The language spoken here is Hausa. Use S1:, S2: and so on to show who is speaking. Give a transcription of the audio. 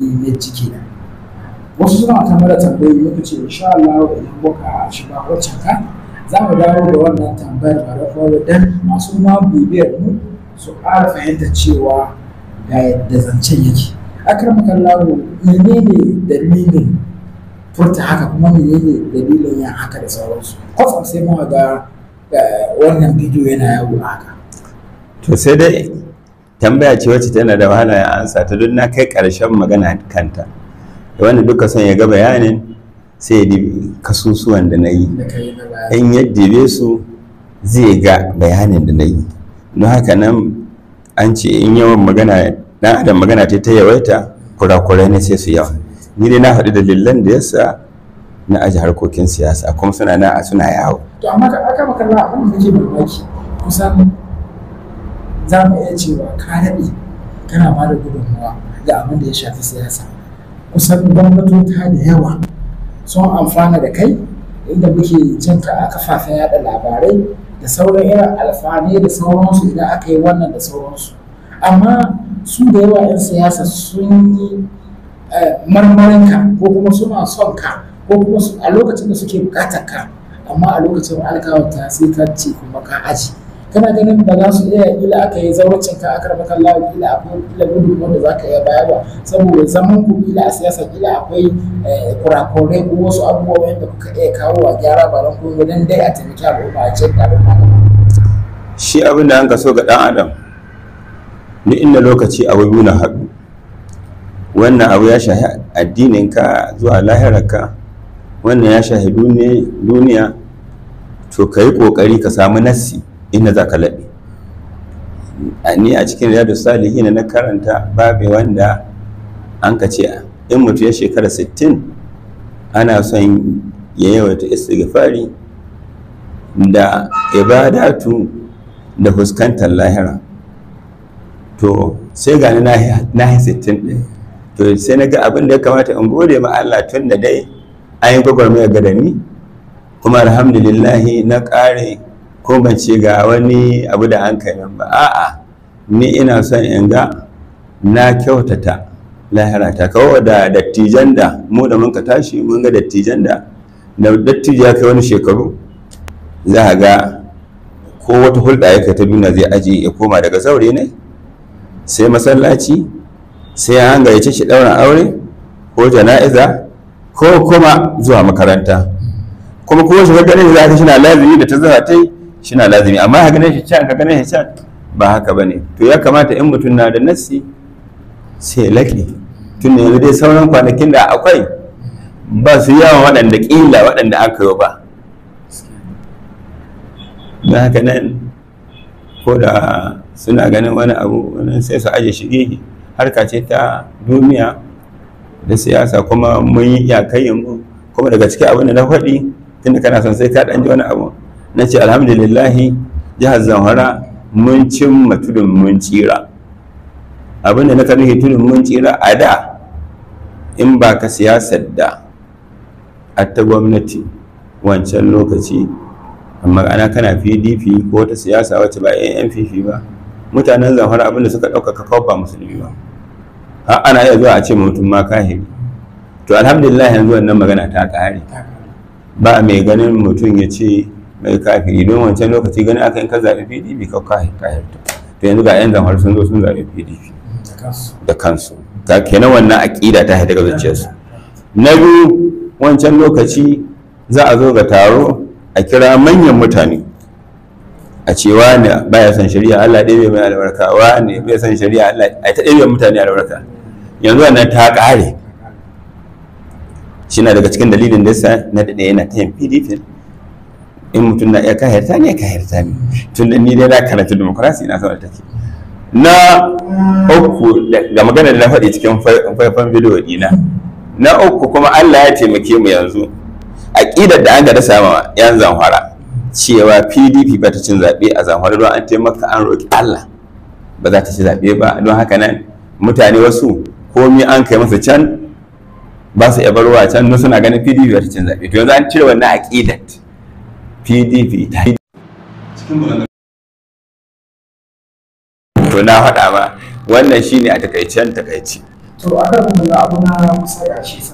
S1: mai jiki na wasu suna ta mara tambayoyi muka ce insha Allah idan muka shiga waccan ka za mu dawo da wannan tambayar ba ƙarfafa dan masu ma bibiyar mu su ƙara fahimta cewa ga yadda zancen yake akramaka Allah menene dalilin furta haka kuma menene dalilin yan haka da sauransu kwatsam sai muka ga eh, wannan bidiyo yana yawo haka
S2: to sai dai tambaya ce wacce tana da wahala ya ansa ta duk na kai ƙarshen magana kanta da wanda duka son ya ga bayanin sai ya dibi kasusuwan da na yi in ya dibe su zai ga bayanin da na yi don haka nan an ce in yawan magana dan adam magana ta yawaita kurakurai ne sai su yawa ni dai na haɗu da dalilan da yasa na aji harkokin siyasa kuma suna na suna yawo
S1: to amma aka abin da mamaki kusan za mu iya cewa ka daɗe kana ba da gudunmawa ga abin da ya shafi siyasa kusan gwamnatota da yawa sun amfana da kai inda muke ka a kafafen yada labarai da sauran irin alfani da sauransu idan aka yi wannan da sauransu amma su da yawa 'yan siyasa sun yi eh, ka, ko kuma suna son ka ko kuma a lokacin da suke bukatar ka amma a lokacin alkawanta sai ka ce kuma ka aji kana ganin ba za su iya ila aka yi zauracin ka aka raba kallawa ila akwai ila gudun wanda za ka iya bayarwa saboda zaman ku ila a siyasa ila akwai eh, kurakurai ko wasu abubuwa wanda kuka iya kawo a gyara ba don kuma don dai a taimaki al'umma a cikin al'umma
S2: shi abin da an ka so ga dan adam ni inda lokaci abu na haɗu wannan abu ya shahi ka zuwa ka wannan ya shahi duniya to ka yi ƙoƙari ka samu nassi inda za ka laɓe ni a cikin riyadu salihina na karanta babu wanda an ka ce in mutu ya shekara 60 ana son ya yawaita istighfari da ibadatu da fuskantar lahira to sai gani na yi 60 to sai na ga abin da ya kamata in gode ma Allah tun da dai an yi ga gadami kuma alhamdulillahi na ƙare ko ban ce ga wani abu da an kai ba a'a ni ina son in ga na kyautata lahira ta kawo da dattijan da mu da mun ka tashi mun ga dattijan da da dattija kai wani shekaru za a ga ko wata hulɗa yake ta duniya zai aje ya koma daga saurayi ne sai masallaci sai an gayyace shi ɗaurin aure ko jana'iza ko kuma zuwa makaranta kuma kuma shi ga ganin za ka shi na lazimi da ta zara ta yi Shina lazimi amma ka ne shi can ka gane shi ba haka ba ne to ya kamata in mutum na da nassi sai laƙi tun yanzu dai sauran kwanakin da akwai ba su yawan waɗanda ƙila waɗanda aka yi ba na haka nan ko da suna ganin wani abu wani sai su aje shigigi harka ce ta duniya da siyasa kuma mun yi iyakayin mu kuma daga cikin abin da na faɗi tunda kana son sai ka ɗan ji wani abu na ce alhamdulillahi jihar zamfara mun cimma tudun mun tsira abinda na karni tudun mun tsira a da in ba ka siyasar da a ta gwamnati wancan lokaci amma ana kana pdp ko wata siyasa wacce ba yan ba mutanen zamfara abinda suka ɗaukaka kawo ba musulmi ba har ana iya zuwa a ce mutum ma kahiri to alhamdulillah yanzu wannan magana ta ƙare ba mai ganin mutum ya ce kafiri don wancan lokaci gani aka in ka zaɓi pdp ka ta. to yanzu ga yan zamfara sun zo sun zaɓi pdp da kansu ta kenan wannan aƙida ta haɗa zuciyarsu na biyu wancan lokaci za a zo ga taro a kira manyan mutane a ce ne baya son shari'a Allah ɗebe mai albarka ne bai son shari'a Allah a ta ɗebe mutane albarka yanzu wannan ta ƙare shi na daga cikin dalilin da yasa na daɗe yana ta yin pdp in mutum na iya kahirta ne kahirta ne tun da ni dai na karatu demokrasi na sanar take na uku ga magana da na faɗi cikin faifan bidiyo dina na uku kuma Allah ya taimake mu yanzu aqidar da an ga da sama yan zamfara cewa PDP ba ta cin zaɓe a zamfara don an taimaka an roƙi Allah ba za ta ci zaɓe ba don haka nan mutane wasu komi an kai masa can ba su iya barwa can suna ganin PDP ba ta cin zaɓe to yanzu an cire wannan aqidat pdp ta yi to na ba wannan shi ne a takaicen takaici to a akan
S1: abu na musa yashi